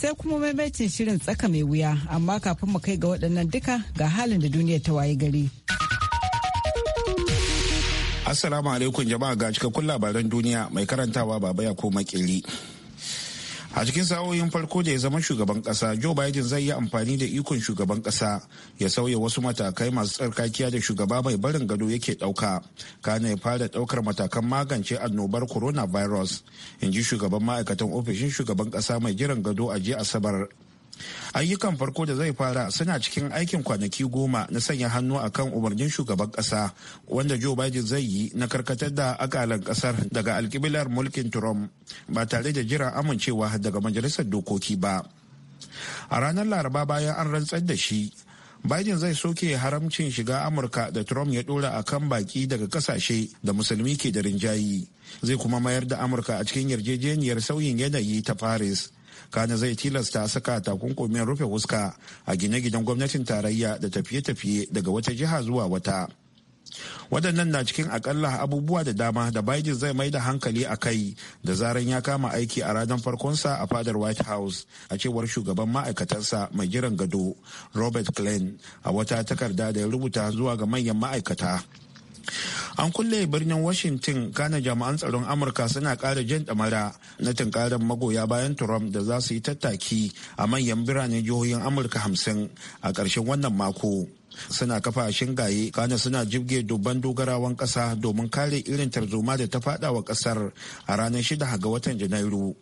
sai kuma maimaitin shirin tsaka mai wuya amma kafin mu kai ga waɗannan duka ga halin da duniya ta waye gari. Assalamu alaikum jama'a ga cikakkun labaran duniya mai karantawa baba ya ko makili. a cikin sa'o'in farko da ya zama shugaban kasa joe biden zai yi amfani da ikon shugaban kasa ya sauya wasu matakai masu tsarkakiya da shugaba mai barin gado yake dauka kana ya fara daukar matakan magance annobar coronavirus in ji shugaban ma'aikatan ofishin shugaban kasa mai jiran gado a jiya asabar ayyukan farko da zai fara suna cikin aikin kwanaki goma na sanya hannu a kan umarnin shugaban kasa wanda joe biden zai yi na karkatar da akalan kasar daga alkibilar mulkin trump ba tare da jiran amincewa daga majalisar dokoki ba a ranar laraba bayan an rantsar da shi biden zai soke haramcin shiga amurka da trump ya dora a kan baki daga kasashe da musulmi ke da rinjayi zai kuma mayar da amurka a cikin yarjejeniyar sauyin yanayi ta paris kana zai tilasta saka takunkumin rufe wuska a gine-ginen gwamnatin tarayya da tafiye-tafiye daga wata jiha zuwa wata waɗannan na cikin akalla abubuwa da dama da biden zai mai da hankali a kai da zaran ya kama aiki a ranar farkonsa a fadar white house a cewar shugaban ma'aikatansa mai jiran gado robert klein a wata takarda da ya rubuta zuwa ga manyan ma'aikata an kulle birnin washington kana jami'an tsaron amurka suna kara jan damara na tunkarar magoya bayan trump da za su yi tattaki a manyan biranen jihohin amurka hamsin a ƙarshen wannan mako suna kafa shingaye kana suna jibge dubban dogarawan kasa domin kare irin tarzoma da ta fada wa ƙasar a ranar shida ga watan janairu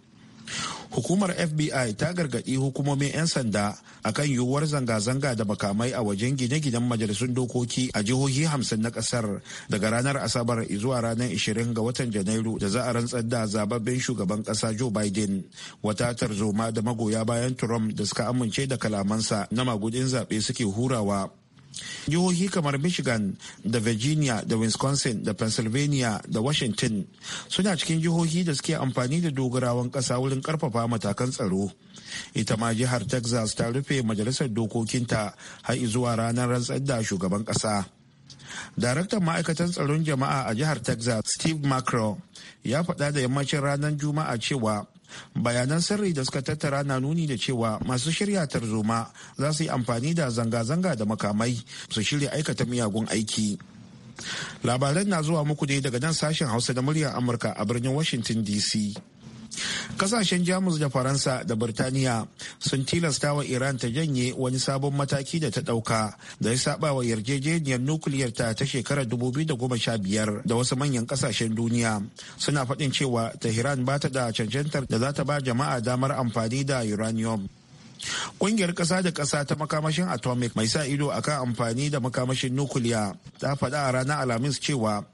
hukumar fbi ta gargaɗi hukumomin 'yan sanda akan yiwuwar zanga-zanga da makamai a wajen gine-ginen majalisun dokoki a jihohi hamsin na ƙasar daga ranar asabar zuwa ranar 20 ga watan janairu da za a rantsar da zababben shugaban ƙasa joe biden wata tarzoma da magoya bayan trump da suka amince da kalamansa na magudin zaɓe suke hurawa jihohi kamar michigan da virginia da wisconsin da pennsylvania da washington suna cikin jihohi da suke amfani da dogarawan kasa wurin ƙarfafa matakan tsaro ita ma jihar texas ta rufe majalisar dokokinta har zuwa ranar rantsar da shugaban kasa. daraktan ma'aikatan tsaron jama'a a jihar texas steve macro ya faɗa da yammacin ranar juma'a cewa bayanan sirri da suka tattara na nuni da cewa masu shirya tarzoma za su yi amfani da zanga-zanga da makamai su shirya aikata miyagun aiki labaran na zuwa muku ne daga nan sashen hausa da muryar amurka a birnin washington dc kasashen jamus da faransa da birtaniya sun tilasta wa iran ta janye wani sabon mataki da ta dauka. da ya saba wa yarjejeniyar nukiliyar ta ta shekarar 2015 da wasu manyan kasashen duniya suna faɗin cewa tehran ba ta da cancantar da za ta ba jama'a damar amfani da uranium Kungiyar ƙasa da ƙasa ta makamashin atomic mai sa ido akan amfani da makamashin nukiliya ta faɗa a ranar alhamis cewa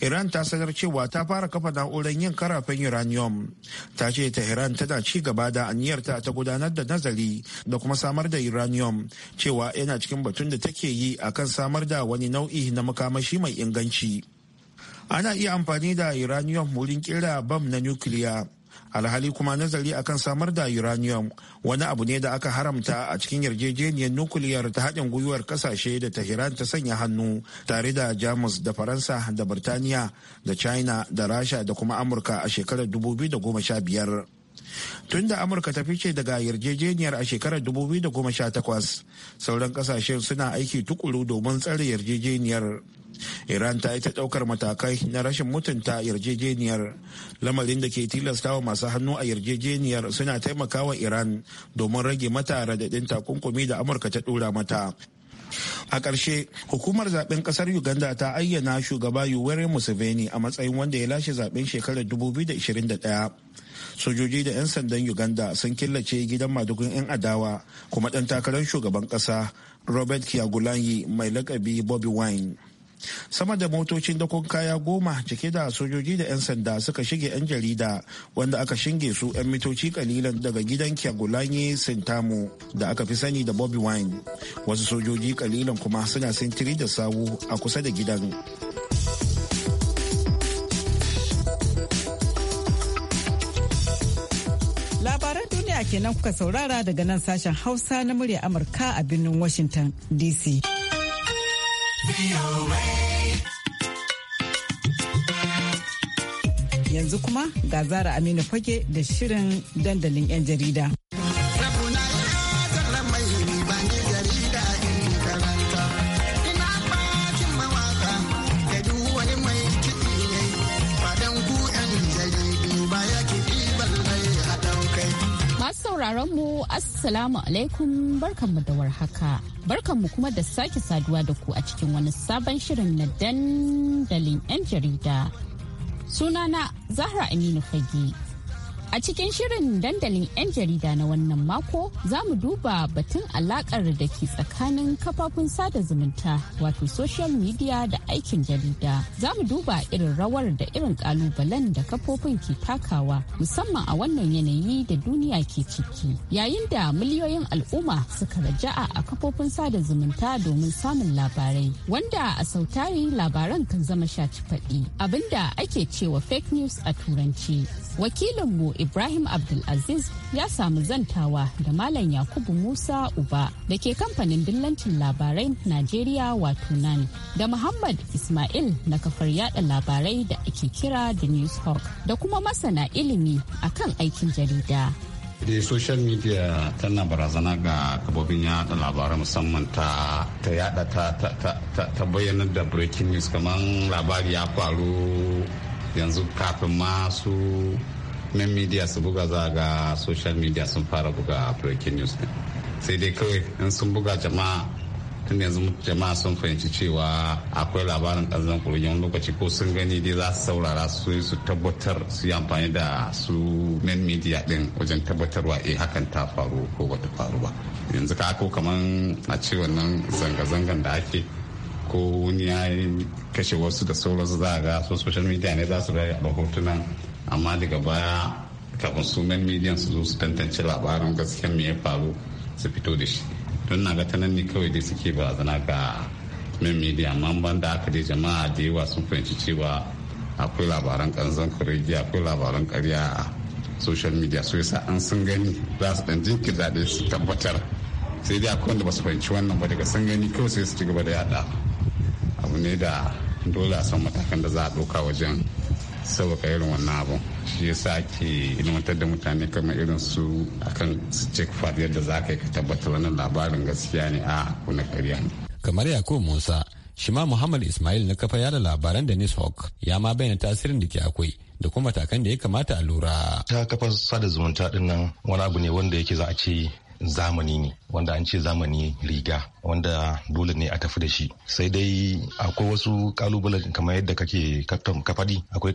Iran ta sanar cewa ta fara kafa na'urar yin karafin uranium. Ta ce Tehran tana ci gaba da aniyarta ta gudanar da nazari da kuma samar da uranium cewa yana cikin batun da take yi akan samar da wani nau'i na makamashi mai inganci. Ana iya amfani da uranium wurin kira bam na nukiliya. alhali kuma nazari akan samar da uranium wani abu ne da aka haramta a cikin yarjejeniyar nukiliyar ta haɗin gwiwar ƙasashe da tehran ta sanya hannu tare da jamus da faransa da birtaniya da china da rasha da kuma amurka a shekarar 2015 tun da amurka ta fice daga yarjejeniyar a shekarar 2018 sauran kasashen suna aiki tukuru domin tsare yarjejeniyar iran ta yi ta ɗaukar matakai na rashin mutunta yarjejeniyar lamarin da ke tilastawa masu hannu a yarjejeniyar suna taimakawa iran domin rage mata radadin takunkumi da amurka ta ɗora mata a ƙarshe hukumar zaben ƙasar uganda ta ayyana shugaba yuwere museveni a matsayin wanda ya lashe zaben shekarar 2021 sojoji da 'yan sandan uganda sun killace gidan madugun 'yan adawa kuma ɗan takarar shugaban ƙasa robert kyagulanyi mai lakabi bobby wine sama da motocin dakon kaya goma cike da sojoji da 'yan sanda suka shige 'yan jarida wanda aka shinge su 'yan mitoci kalilan daga gidan kyagulanyi sintamu da aka fi sani da bobby wine wasu sojoji kalilan kuma suna sintiri da sawu a kusa da gidan labaran duniya kenan kuka saurara daga nan sashen hausa na murya amurka a birnin washington dc Yanzu kuma ga Zara Aminu Fage da shirin dandalin 'yan jarida. sauraron mu Assalamu alaikum barkan barkanmu da warhaka. mu kuma da sake saduwa da ku a cikin wani sabon shirin na dandalin 'yan jarida. Sunana Zahra Aminu Fage. A cikin shirin dandalin 'yan jarida na wannan mako za mu duba batun alakar da ke tsakanin kafafun sada zumunta wato social media da aikin jarida. Za mu duba irin rawar da irin kalubalen da kafofin ke takawa musamman a wannan yanayi da duniya ke ciki. Yayin da miliyoyin al'umma suka raja'a a kafofin sada zumunta domin samun labarai wanda a sautari labaran kan zama shaci faɗi abinda ake cewa fake news a turanci. Wakilinmu Ibrahim Abdulaziz ya samu zantawa da Malam Yakubu Musa Uba da ke kamfanin dillancin labarai Najeriya wato nan da Muhammad Ismail na kafar yada labarai da ake kira da hawk da kuma masana ilimi akan aikin jarida. da social media tana barazana ga kabobin yada labarai musamman ta ta yada ta ta ta bayyanar da breaking news kamar labari ya faru yanzu kafin masu nan media su buga za ga social media sun fara buga breaking news din sai dai kawai in sun buga jama'a tun yanzu jama'a sun fahimci cewa akwai labarin ɗanzan kurgin lokaci ko sun gani dai za su saurara su su tabbatar su yi amfani da su men media din wajen tabbatarwa eh hakan ta faru ko bata faru ba yanzu ka ko kaman a ce wannan zanga-zangan da ake ko wani ya kashe wasu da sauransu za a ga su social media ne za su rayu a hotunan amma daga baya kafin sunan midiyan su zo su tantance labarin gaskiyan me ya faru su fito da shi don na ga ta nan ne kawai dai suke zana ga min midiya amma ban da aka dai jama'a da yawa sun fahimci cewa akwai labaran kanzon kuregi akwai labaran karya a social media so yasa an sun gani za su dan jinkir da su tabbatar sai dai akwai wanda ba su fahimci wannan ba daga sun gani kawai sai su ci gaba da yada abu ne da dole a san matakan da za a ɗauka wajen sauƙaƙa irin wannan abun shi ya sa ke ilmantar da mutane kamar irin su akan su check fat yadda za ka yi ka tabbatar wannan labarin gaskiya ne a kuna karya ne kamar yakub musa shi ma muhammad ismail na kafa yada labaran da hawk ya ma bayyana tasirin da ke akwai da kuma matakan da ya kamata a lura ta kafa sada zumunta dinnan nan wani abu ne wanda yake za a ce zamani ne wanda an ce zamani riga wanda dole ne a tafi da shi sai dai akwai wasu kalubalen kamar yadda kake ka faɗi akwai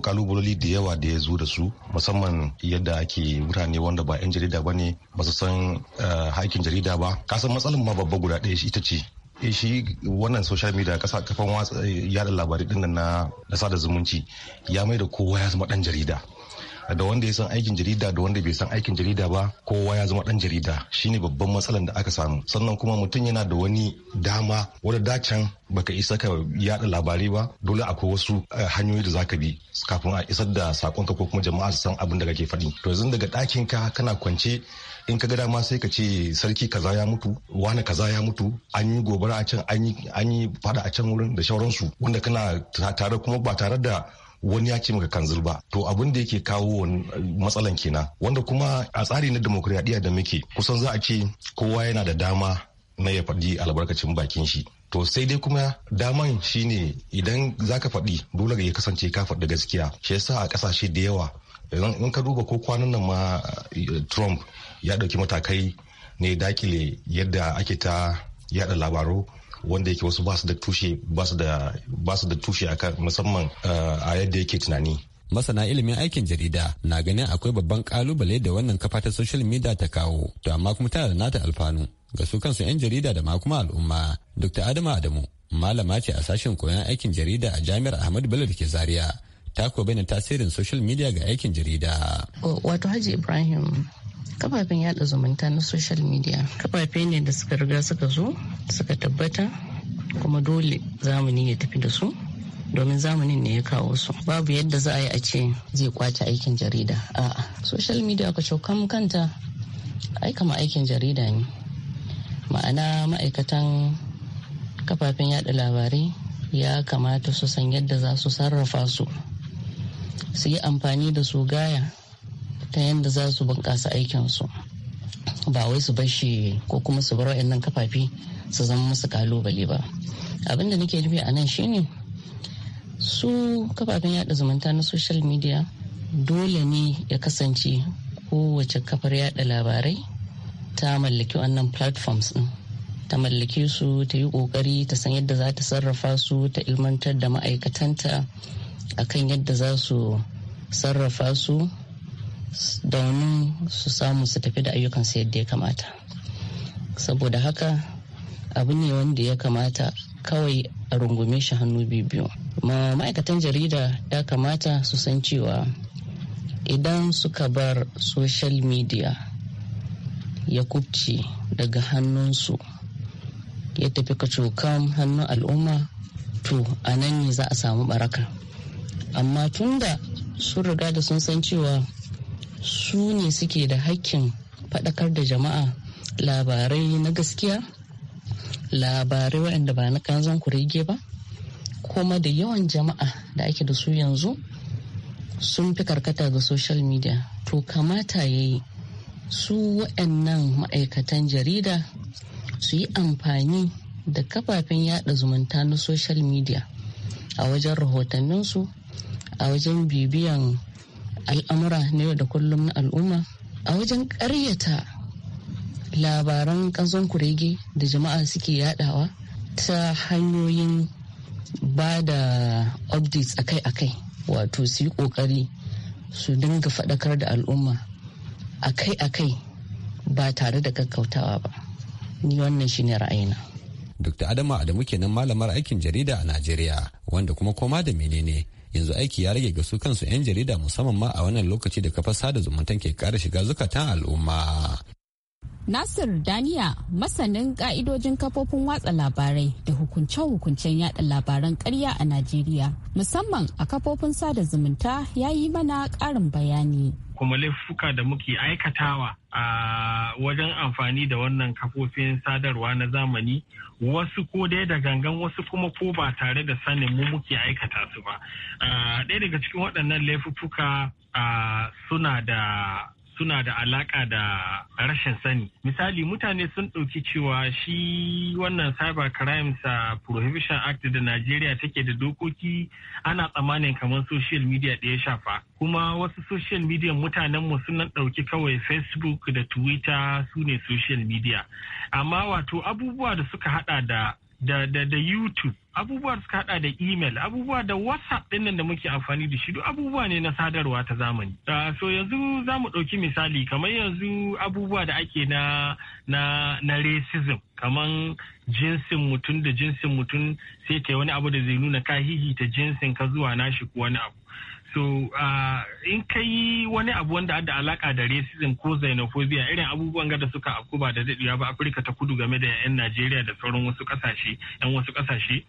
kalubaloli da yawa da ya zo da su musamman yadda ake mutane wanda ba 'yan jarida ba ne ba su san eh, haƙƙin jarida ba kasan matsalar ma babba guda ɗaya ita ce eh, shi wannan social media kasa kafan eh, yada labarai dinnan na sada zumunci ya mai da kowa ya zama ɗan jarida da wanda ya san aikin jarida da wanda bai san aikin jarida ba kowa ya zama dan jarida shine babban matsalan da aka samu sannan kuma mutum yana da wani dama wadda dacan baka isa ka yada labari ba dole akwai wasu eh, hanyoyi da zaka bi kafin a isar da sakonka ko kuma jama'a su san abin da kake faɗi to yanzu daga ɗakin ka kana kwance in ka ga dama sai ka ce sarki kaza ya mutu wani kaza ya mutu an yi gobara a can an yi fada a can wurin da shauransu wanda kana tare kuma ba tare da wani ya ce maka kanzir ba to abin da yake kawo matsalan kenan wanda kuma a tsari na demokradiyya da muke kusan za a ce kowa yana da dama na ya faɗi albarkacin bakin shi to sai dai kuma daman shine idan zaka faɗi dole ya kasance ka faɗi gaskiya shi yasa a ƙasashe da yawa in ka duba ko kwanan nan ma eh, trump ya ɗauki matakai ne dakile yadda ake ta yada labaru wanda yake wasu basu da tushe basu da tushe akan musamman eh, a yadda yake tunani masana ilimin aikin jarida na ganin akwai babban kalubale da wannan kafa ta social media ta kawo to amma kuma tana da nata alfanu ga su kansu 'yan jarida da ma kuma al'umma dr adamu adamu malama ce a sashen koyon aikin jarida a jami'ar ahmadu bello da ke zaria ta kuwa bayyana tasirin social media ga aikin jarida. Wato Haji Ibrahim kafafen yada zumunta na social media kafafe ne da suka riga suka zo suka tabbata kuma dole zamani ya tafi da su domin zamanin ne ya kawo su babu yadda za a yi a ce zai kwace aikin jarida a'a social media ka cokan kanta ai kama aikin jarida ne ma'ana ma'aikatan kafafen yada labarai ya kamata su san yadda za su sarrafa su su yi amfani da su gaya ta yadda za su bunƙasa aikinsu ba wai su bashi ko kuma su bar wa'annan kafafi su zama musu kalubale ba abin da nake nufi a nan shine su kafafen yada zumunta na social media dole ne ya kasance kowace kafar yada labarai ta mallaki wannan platforms din ta mallake su ta yi kokari ta san yadda za ta sarrafa su ta ilmantar da ma'aikatanta akan yadda za su sarrafa su daunin su samu su tafi da ayyukansu yadda ya kamata saboda haka abu ne wanda ya kamata kawai a rungume shi hannu biyu ma'aikatan jarida ya kamata su san cewa idan suka bar social media ya kubce daga hannunsu ya tafi kacokan hannun al'umma to a nan ne za a samu baraka amma tunda sun riga da sun san cewa su ne suke da hakkin faɗakar da jama'a labarai na gaskiya labarai waɗanda ba na kanzon kurege ba kuma da yawan jama'a da ake da su yanzu sun fi karkata ga social media to kamata ya yi su waɗannan ma'aikatan jarida su yi amfani da kafafen yada zumunta na social media a wajen rahotanninsu a wajen bibiyan al'amura na yau da kullum na al'umma a wajen ƙaryata labaran ƙanzon kurege da jama'a suke yadawa ta hanyoyin ba da updates akai-akai wato su yi ƙoƙari su dinga faɗakar da al'umma akai-akai ba tare da gaggautawa ba ni wannan shine ra'ayina Dr. Adama Adamu kenan malamar aikin jarida a Najeriya wanda kuma koma da menene yanzu aiki ya rage ga su kansu 'yan jarida musamman ma a wannan lokaci da kafar sada zumuntan ke kara shiga zukatan al'umma. Nasir Daniya masanin ka'idojin kafofin watsa labarai da hukunce-hukuncen yada labaran karya a Najeriya musamman a kafofin sada zumunta ya yi mana ƙarin bayani. Kuma laifuka da muke aikatawa a wajen amfani da wannan kafofin sadarwa na zamani wasu ko dai da gangan wasu kuma ko ba tare da sanin mu muke aikata su ba ah, ɗaya daga cikin waɗannan laifuka ah, suna da suna da alaka da rashin sani misali mutane sun ɗauki cewa shi wannan cyber crimes uh, prohibition act da najeriya take da dokoki ana tsammanin kamar social media da ya shafa kuma wasu social media mutanenmu suna ɗauki kawai facebook da twitter su ne social media amma wato abubuwa da suka hada da da, da, da YouTube, abubuwa suka da email, abubuwa da WhatsApp ɗin da muke amfani da shi duk abubuwa ne na sadarwa ta zamani. Uh, so yanzu za mu ɗauki misali kamar yanzu abubuwa da ake na, na, na racism, kamar jinsin mutum da jinsin mutum sai ta wani abu da zai nuna ka hihita jinsin ka zuwa nashi ko wani abu. To in ka yi wani abu wanda da alaka da racism ko xenophobia irin abubuwan gada suka afku ba da daɗewa ba Afirka ta kudu game da 'yan Najeriya da sauran wasu kasashe. 'yan wasu ƙasashe.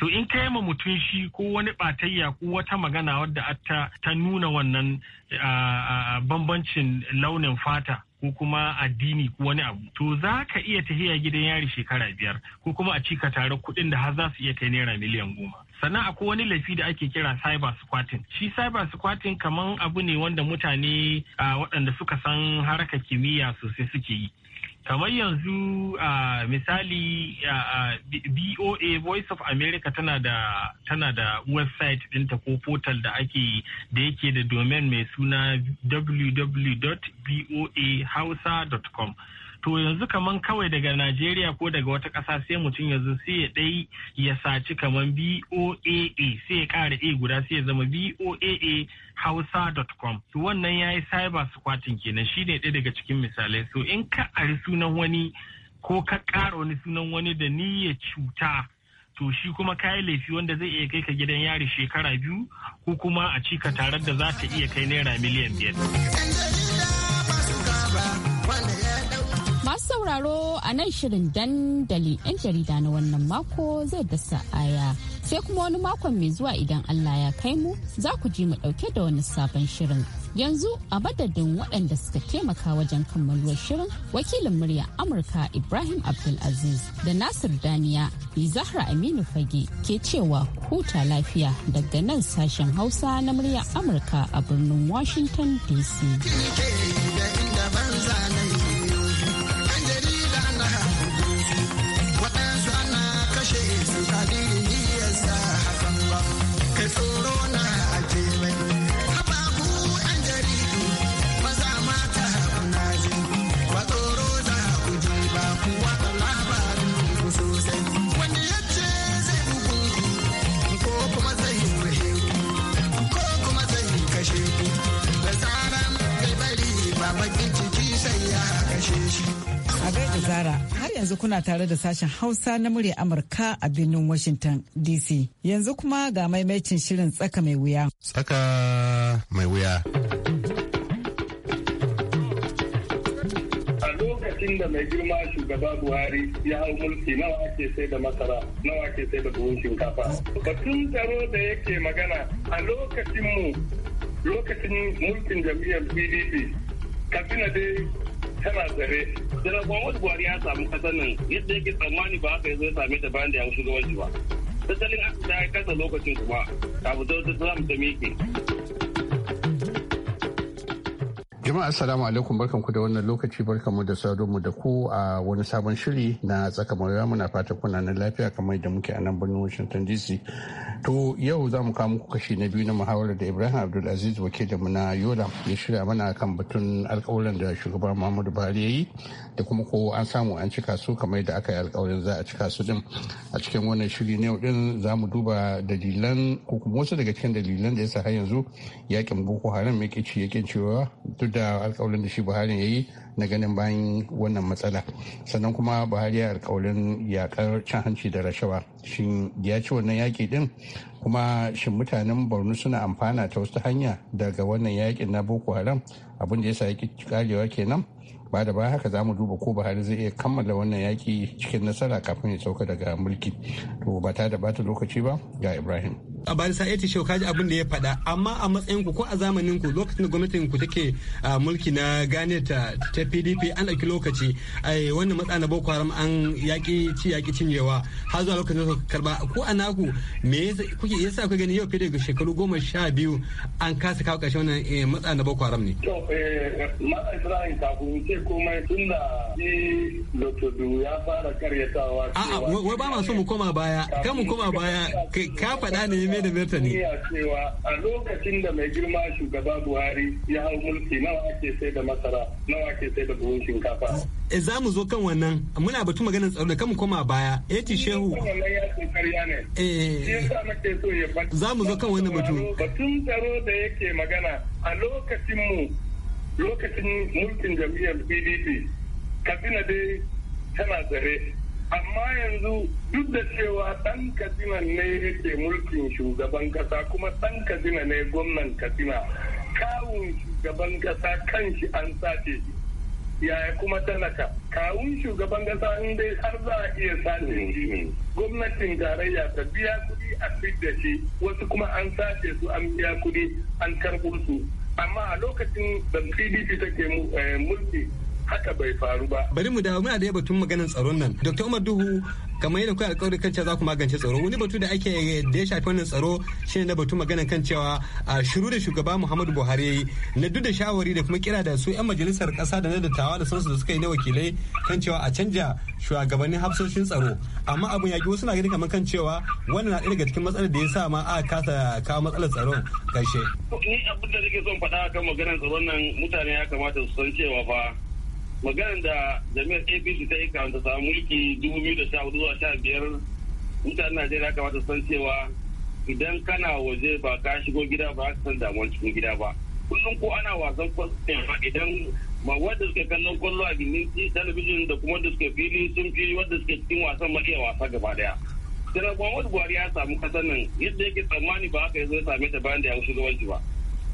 To in ka yi ma mutum shi ko wani batayya ko wata magana wadda ta nuna wannan bambancin launin fata ko kuma addini ko wani abu to za ka iya tahiya gidan yari shekara biyar ko kuma a cika tare kuɗin da har za su iya kai naira miliyan goma sannan akwai wani laifi da ake kira cyber squatting shi cyber squatting kaman abu ne wanda mutane waɗanda suka san haraka kimiyya sosai suke yi kamar yanzu a misali BOA Voice of America tana da tana da website ɗinta ko portal da ake da yake da domain mai suna www.boahausa.com to yanzu kaman kawai daga najeriya ko daga wata ƙasa sai mutum yanzu sai ya ɗai ya saci kaman boaa sai ya ƙara a guda sai ya zama boaa hausa.com to wannan ya yi cyber squatting kenan shi ne ɗaya daga cikin misalai so in ka ari sunan wani ko ka ƙara wani sunan wani da niyya cuta to shi kuma kayi laifi wanda zai iya kai ka gidan yari shekara biyu ko kuma a cika tarar da za ta iya kai naira miliyan biyar. sauraro a nan shirin dandali 'yan jarida na wannan mako zai dasa aya. Sai kuma wani makon mai zuwa idan Allah ya kai mu za ku ji mu ɗauke da wani sabon shirin. Yanzu a madadin waɗanda suka taimaka wajen kammaluwar shirin wakilin murya Amurka Ibrahim Abdulaziz da Nasir Daniya ni Zahra Aminu Fage ke cewa huta lafiya daga nan sashen Hausa na murya Amurka a birnin Washington DC. yanzu kuna tare da sashen Hausa na murya Amurka a birnin Washington DC. Yanzu kuma ga maimacin shirin tsaka mai wuya. Tsaka mai wuya. lokacin da mai girma shugaba buhari ya hau mulki nawa ake sai da masara nawa ake sai da buhun shinkafa batun tsaro da yake magana a lokacin mu lokacin mulkin jam'iyyar pdp katsina dai tana zabe jiran wani buhari ya samu kasar nan yadda yake tsammani ba haka ya zo ya same ta bayan da ya shugabanci ba tattalin arziki ya kasa lokacin kuma kafin ta ta samu ta miƙe. Jama'a assalamu alaikum barkanku da wannan lokaci barkan mu da mu da ku a wani sabon shiri na tsaka muna fata kuna nan lafiya kamar da muke a nan birnin Washington DC. To yau za mu kawo muku kashi na biyu na muhawarar da Ibrahim Abdulaziz da muna Yola ya shirya mana kan batun alƙawuran da shugaban Muhammadu Buhari ya yi da kuma ko an samu an cika su kamar da aka yi alƙawarin za a cika su din a cikin wannan shiri na yau din za mu duba dalilan ko kuma wasu daga cikin dalilan da yasa har yanzu yakin Boko Haram yake ci yakin cewa da alkawalin da shi buhari ya yi na ganin bayan wannan matsala sannan kuma buhari ya alkawalin yakar cin hanci da rashawa shin ya ci wannan yaƙi din kuma shin mutanen borno suna amfana ta wasu hanya daga wannan yaƙin na boko haram abin da ya sa yake karewa kenan ba da ba haka za mu duba ko buhari zai iya kammala wannan yaki cikin nasara kafin ya sauka daga mulki to ba ta da bata lokaci ba ga ibrahim a bari sa shau kaji abin da ya faɗa amma a matsayin ku ko a zamanin ku lokacin da gwamnatin ku take mulki na gane ta ta pdp an ɗauki lokaci ai wannan matsa na boko haram an yaƙi ci yaƙi cinyewa har zuwa lokacin da karba ko a naku me kuke yasa kuke gani yau fiye da shekaru goma sha biyu an kasa kawo ƙarshen wannan eh, matsa na boko haram ne. to eh, matsa ibrahim kafin ce komai tunda shi lotodu ya fara karyatawa a'a wai ba masu mu koma baya ka mu koma baya ka faɗa ne mai da martani cewa a lokacin da mai girma shugaba buhari ya hau mulki nawa ake sai da masara nawa ake sai da buhun shinkafa eh, za mu zo kan wannan muna batu maganin tsaro da kan koma baya eh, ya ci eh, shehu za mu zo kan wannan batu batun tsaro da yake magana a lokacin mu lokacin mulkin jam'iyyar pdp katsina dai tana tsare amma yanzu duk da cewa dan katsina ne yake mulkin shugaban kasa kuma dan katsina ne gwamnan katsina kawun shugaban kasa kanshi an sace shi yaya kuma talaka kawun shugaban kasa in dai har za a iya sace shi gwamnatin tarayya ta biya kudi a fidda da shi wasu kuma an sace su an biya kudi an karɓo su amma a lokacin da pdp take eh, mulki haka bai faru ba bari mu dawo muna da batun maganin tsaron nan dr umar duhu kamar yadda kuka alƙawarin kan cewa za ku magance tsaro wani batu da ake da ya shafi wannan tsaro shine na batun maganar kan cewa a shiru da shugaba muhammadu buhari na duk da shawari da kuma kira da su yan majalisar ƙasa da na dattawa da sansu da suka yi na wakilai kan cewa a canja shugabannin hafsoshin tsaro amma abun yaƙi wasu na gani kamar kan cewa wannan na ɗaya daga cikin matsalar da ya sa ma a kasa kawo matsalar tsaron karshe. ni abin da nake son faɗa kan maganar tsaron nan mutane ya kamata su san cewa fa maganar da jami'ar apc ta yi kawanta samu mulki 2014 zuwa 15 mutanen najeriya kamata san cewa idan kana waje ba ka shigo gida ba ka san damuwar cikin gida ba kullum ko ana wasan kwallon idan ma wanda suke kallon kwallo a gindin talabijin da kuma wanda suke fili sun fi wanda suke cikin wasan ma iya wasa gaba daya sai wani Buhari ya samu kasar nan yadda yake tsammani ba haka ya zo ya same ta bayan da ya wuce gabanci ba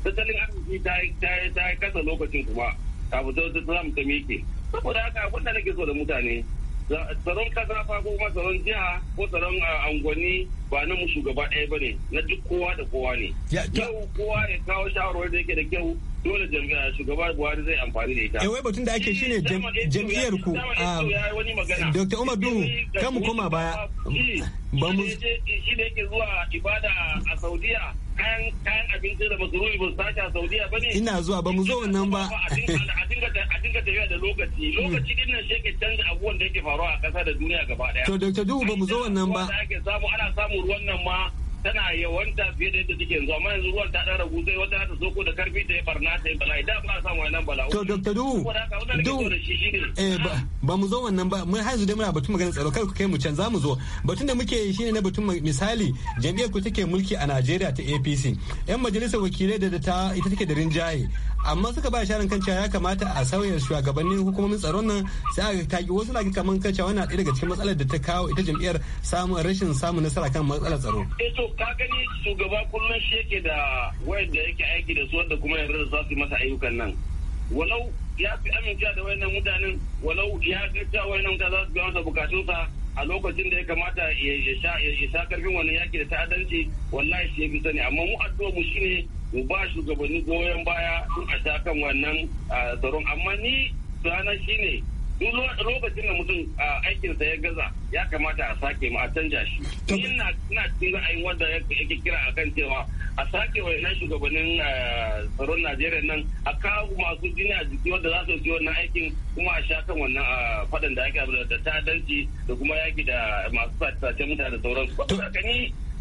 tattalin arziki ta yi kasa lokacin kuma ta fito ta za mu saboda haka abin da nake so da mutane tsaron kasa fa ko kuma tsaron jiha ko tsaron angwani ba na mu shugaba ɗaya ba ne na duk kowa da kowa ne yau kowa ya kawo shawarwar da yake da kyau dole jam'iyya shugaba buhari zai amfani da ita eh, wai batun da ake shi ne jam'iyyar ku dr ah, umar duhu kan mu koma baya ba mu shi da yake zuwa ibada a saudiya kayan kayan abinci da masu ruri bin sace a saudiya ba ne ina zuwa ba mu zo wannan ba a dinga tafiya da lokaci hmm. lokaci din nan shi canza abubuwan da yake faruwa a kasa da duniya gaba daya to dr duhu ba mu zo wannan ba ana samun ruwan nan ma tana yawanta fiye da yadda take yanzu amma yanzu ruwan ta dara ragu wata ta soko da karfi ta yi barna ta yi bala'i da ba a samu wannan bala'u to dr du du eh ba mu zo wannan ba mun haizu da muna batun maganar tsaro kai ku kai mu can za mu zo batun da muke yi shine na batun misali jam'iyyar ku take mulki a Najeriya ta APC yan majalisar wakilai da ta ita take da rinjaye amma suka ba sharin kan cewa ya kamata a sauya shugabannin hukumomin tsaron nan sai aka taki wasu na kaman kan cewa wannan ɗaya daga cikin matsalar da ta kawo ita jam'iyyar samun rashin samun nasara kan matsalar tsaro. eh to ka gani shugaba kullum shi yake da wayanda yake aiki da su wanda kuma yarda za su masa ayyukan nan walau ya fi amincewa da wayannan mutanen walau ya ga cewa wayannan mutane za su biya masa bukatunsa a lokacin da ya kamata ya sha karfin wannan yaki da ta'addanci wallahi shi ya fi sani amma mu addu'a mu shine mu ba shugabanni goyon baya sun a sha kan wannan tsaron amma ni sana ne. duk lokacin da mutum aikinsa ya gaza ya kamata a sake mu a canja shi ina ina cikin ra'ayin wanda yake kira a kan cewa a sake wa yanar shugabannin tsaron Najeriya nan a kawo masu jini a jiki wanda za su yi wannan aikin kuma a sha kan wannan fadan da ake da ta'addanci da kuma yaki da masu sace mutane da sauransu. Ba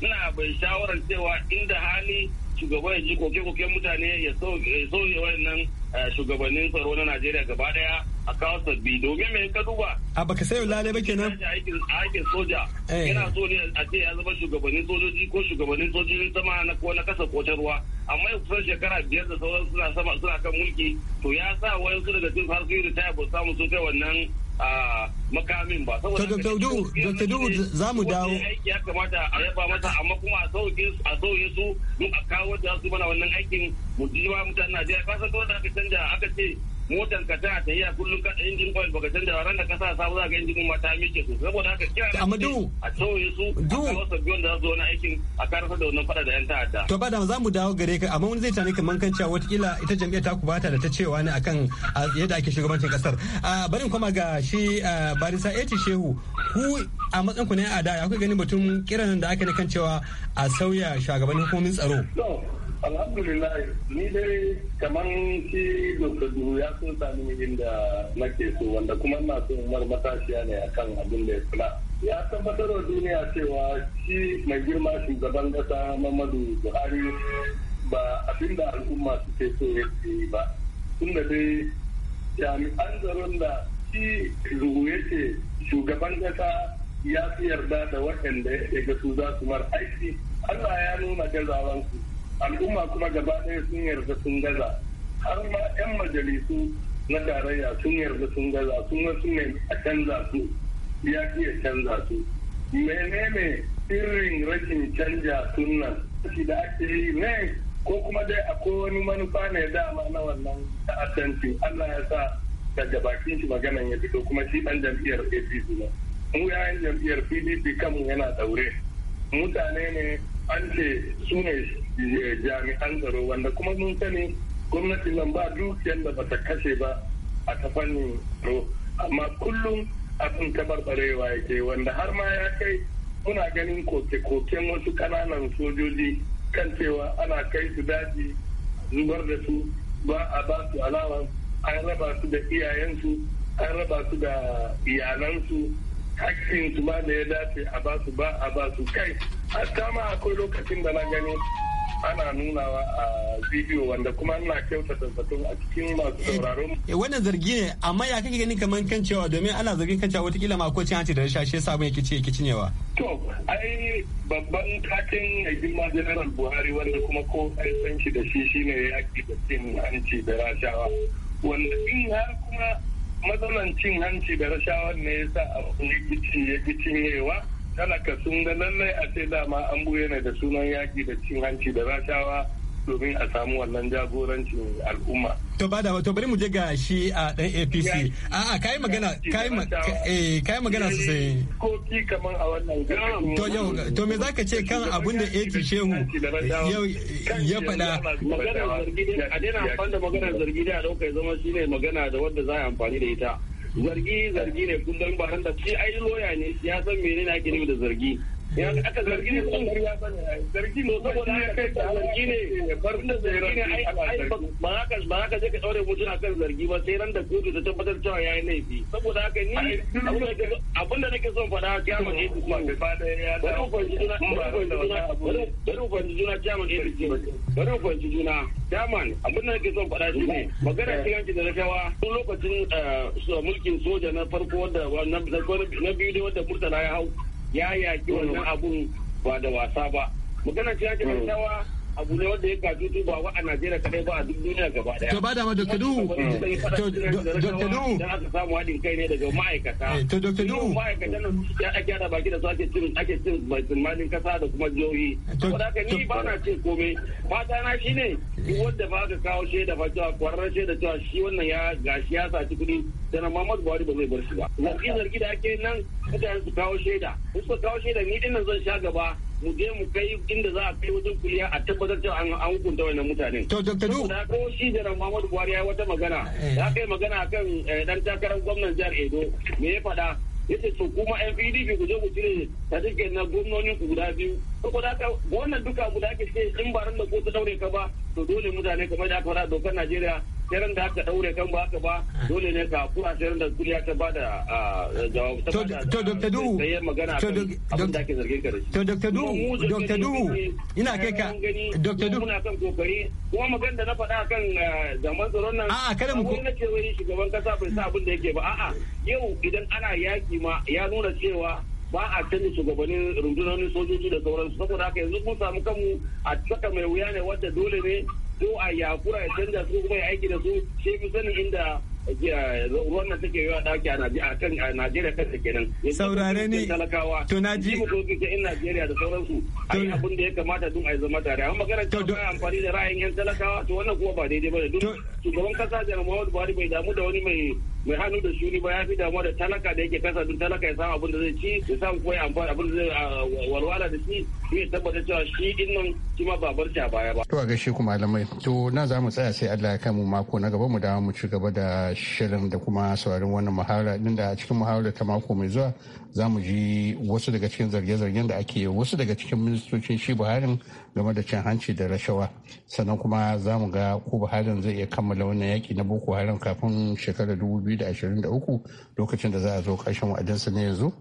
ina bai shawarar cewa inda hali shugaba ya ji koke koke mutane ya sauye wannan eh, shugabannin tsaro na Najeriya gaba daya a kawo sabbi domin mai ka duba. A baka sayo lale ba kenan? Aikin soja. Eh. Yana so ne a ce ya zama shugabannin sojoji ko shugabannin sojojin sama na ko na kasa ko ruwa. Amma ya kusan shekara biyar da sauran suna sama suna kan mulki to ya sa wayansu daga cikin har su yi ritaya ba samu sun kai wannan a makamin ba saboda da ta duhu za mu dawo aiki ya kamata a raba mata amma kuma a sauke su a sauye su don a kawo da su mana wannan aikin mu ji ba na Najeriya ka san da aka canja aka ce motar ka ta ta iya kullum kada injin oil baka canza ran ranar kasa sabu za ka injin ma ta mike su saboda haka kira a tauye su a kawo sabbin da za su wani aikin a karasa da wannan fada da yan ta'adda to ba da za mu dawo gare ka amma wani zai tani kaman kan cewa watakila ita jam'iyyar ta kubata da ta cewa a akan yadda ake shugabancin kasar barin kuma ga shi barisa eti shehu ku a matsayin ku ne a da ya kuka gani batun kiran da aka ne kan cewa a sauya shugabannin hukumomin tsaro alhamdulillah ni dai kamar shi dokar duhu ya so sami inda nake so wanda kuma ina so umar matashiya ne akan abin da ya kula ya tabbatar wa duniya cewa shi mai girma shugaban kasa mamadu buhari ba abin da al'umma suke so ya yi ba tunda dai jami'an tsaron da shi ruhu yake shugaban kasa ya fi yarda da waɗanda ya ga su za su mar aiki Allah ya nuna gazawansu al'umma kuma gaba ɗaya sun yarda sun gaza har ma 'yan majalisu na tarayya sun yarda sun gaza sun ga sun a canza su ya iya canza su menene irin rashin canja sunan shi da ake yi ne ko kuma dai akwai wani manufa ne dama na wannan ta'addanci Allah ya sa daga bakin shi maganan ya fito kuma shi dan jam'iyyar APC ne mu yayin jam'iyyar PDP kanmu yana daure mutane ne an ce su ne Eh, jami'an tsaro wanda kuma mun sani gwamnatin nan ba dukiyar da bata kashe ba a ta fannin tsaro amma kullum abin tabarbarewa yake wanda har ma ya kai muna ganin koke-koken wasu kananan sojoji kan cewa ana kai su daji zubar da su ba a ba su alawan an raba su da iyayensu an raba su da iyalansu su ma da ya dace a ba su ba a ba su kai a ma akwai lokacin da na gani ana nunawa a bidiyo wanda kuma ina kyautata zaton a cikin masu sauraron. Eh, wannan zargi ne amma ya kake gani kamar kan cewa domin ana zargin kan cewa watakila ma ko cin hanci da rashashe sabon yasa abin yake ce yake cinewa. To ai babban katin mai girma jeneral Buhari wanda kuma ko ai san shi da shi shine yaki da cin hanci da rashawa. Wanda in har kuma matsalan cin hanci da rashawa ne sa a ya kicin ya ci cinyewa. talaka sun ga lallai a ce dama an buye ne da sunan yaƙi da cin hanci da rashawa domin a samu wannan jagorancin al'umma. To ba da to bari mu je ga shi a ɗan APC. A'a kai magana kai eh kai magana eh, sosai. Koki kaman a wannan To yau to me zaka ce kan abun da AT Shehu yau ya faɗa. Magana zargi a daina amfani da magana zargi da lokacin zama shine magana da wanda za a amfani da ita. zargi zargi ne kun don ba da shi ai loya ne ya san menene ake nufi da zargi ya aka zargi ne sun ya sani zargi ne saboda haka kai ta zargi ne barin da zargi ne ai ba haka ba haka sai ka daure na akan zargi ba sai ran da kotu ta tabbatar cewa yayi laifi saboda haka ni abin da nake son faɗa ya mun ne kuma ba da ya da bari ku juna bari ku juna ya mun yi kuma bari ku juna daman abin da nake son faɗa shine magana cikin eh. hanci da rashawa tun lokacin eh, mulkin soja na farko wanda na biyu da wanda murtala ya hau ya yaƙi wannan abun ba da wasa ba maganar jajirtawa abu ne wanda ya gaji duba wa a Najeriya kadai ba a duk duniya gaba daya. To ba da ma Dr. Nuhu. Dr. Nuhu. Da aka samu haɗin kai ne daga ma'aikata. Eh, to Dr. Nuhu. Ma'aikatan nan ya ake yada baki da su ake cin ake cin baitulmalin kasa da kuma jihohi. Eh, Saboda haka ni ba na ce komai. Fata na shi ne wanda ba ka kawo shaida ba cewa kwararren shaida cewa shi wannan ya gashi ya saci kuɗi sanar Muhammadu Buhari ba zai bar shi ba. Wakil zargi da ake nan mutane su kawo shaida. Su kawo shaida ni dinnan zan sha gaba mu je mu kai inda za a kai wajen kuliya a tabbatar da an hukunta wannan mutanen. To Dr. Du. Da ko shi da Muhammadu Buhari ya wata magana. Eh. Ya kai magana akan dan eh, takarar gwamnan jihar Edo me ya faɗa yace to kuma yan ku je ku cire certificate na gwamnonin ku guda biyu da ka wannan duka guda ke in ba da ko ta daure ka ba to dole mutane kamar da aka faɗa dokar najeriya sai da aka daure kan ba ba dole ne ka da kuliya ta bada to dr duhu to dr duhu dr duhu ina kai ka dr duhu muna kan kokari kuma magan da na faɗa kan zaman tsaron nan a'a kada mu ko ce wani shugaban kasa bai sa abin da yake ba a'a yau idan ana yaki ma ya nuna cewa ba a canza shugabannin rundunonin sojoji da sauransu saboda haka yanzu mun samu kanmu a saka mai wuya ne wadda dole ne ko a yakura ya canza su kuma ya aiki da su shi fi sanin inda ruwan nan take yawa dauke a kan Najeriya kanta kenan. Saurare ni to na ji in Najeriya da sauransu ai abin da ya kamata dun ai zama tare amma magana ta ba amfani da ra'ayin yan talakawa to wannan kuma ba daidai ba ne duk shugaban kasa da Muhammadu Buhari bai damu da wani mai mai hannu da shuni ba ya fi damuwa da talaka da yake kasa don talaka ya samu abin da zai ci ya samu koyi amfani abin da zai walwala da shi shi ya tabbata cewa shi din nan shi ma ba barci a baya ba. To a gaishe ku malamai to na za mu tsaya sai Allah ya kai mu mako na gaba mu dawo mu ci gaba da shirin da kuma saurin wannan muhawara din da a cikin muhawara ta mako mai zuwa za mu ji wasu daga cikin zarge-zargen da ake yi wasu daga cikin ministocin shi buharin game da cin hanci da rashawa sannan kuma za mu ga ko buharin zai iya kammala wannan yaki na boko haram kafin shekarar 2023 lokacin da za a zo ƙarshen wa'adinsa na yanzu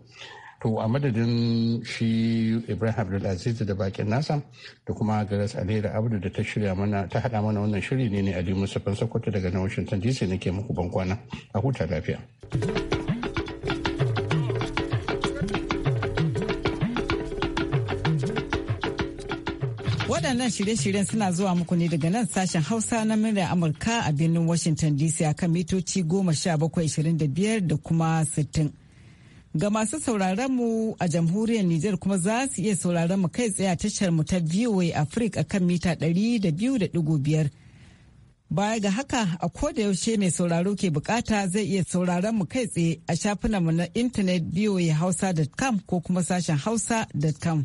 to a madadin shi ibrahim abdulaziz da bakin nasa da kuma garas da abdu da ta shirya mana ta hada mana wannan shiri ne ne ali musafan sokoto daga na washington dc na ke muku bankwana a huta lafiya. Waɗannan shirye-shiryen suna zuwa muku ne daga nan sashen Hausa na murya Amurka a birnin Washington DC a kan mitoci 1725 da kuma 60. Ga masu sauraron mu a jamhuriyar Nijar kuma za su iya sauraron mu kai tsaye a tashar mu ta VOA Africa kan mita 200.5. Baya ga haka a koda yaushe mai sauraro ke bukata zai iya sauraron mu kai tsaye a shafinanmu na intanet voahausa.com ko kuma sashen hausa.com.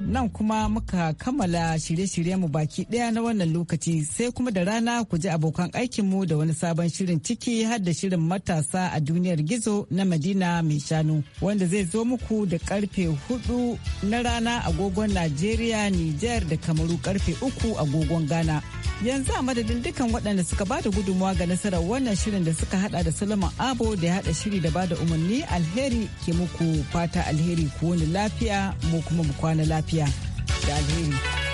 Nan kuma muka kammala shirye-shiryenmu baki ɗaya na wannan lokaci sai kuma da rana ku ji abokan aikinmu da wani sabon shirin ciki har da shirin matasa a duniyar gizo na Madina mai shanu wanda zai zo muku da karfe hudu na rana agogon Najeriya, niger da Kamaru karfe uku agogon Ghana. Yanzu a madadin dukan waɗanda suka ba da gudunmawa ga nasarar wannan shirin da suka hada da Solomon Abo da ya hada shiri da ba da umarni alheri ke muku fata alheri ku wani lafiya mu kuma mu kwana lafiya. lafiya da alheri.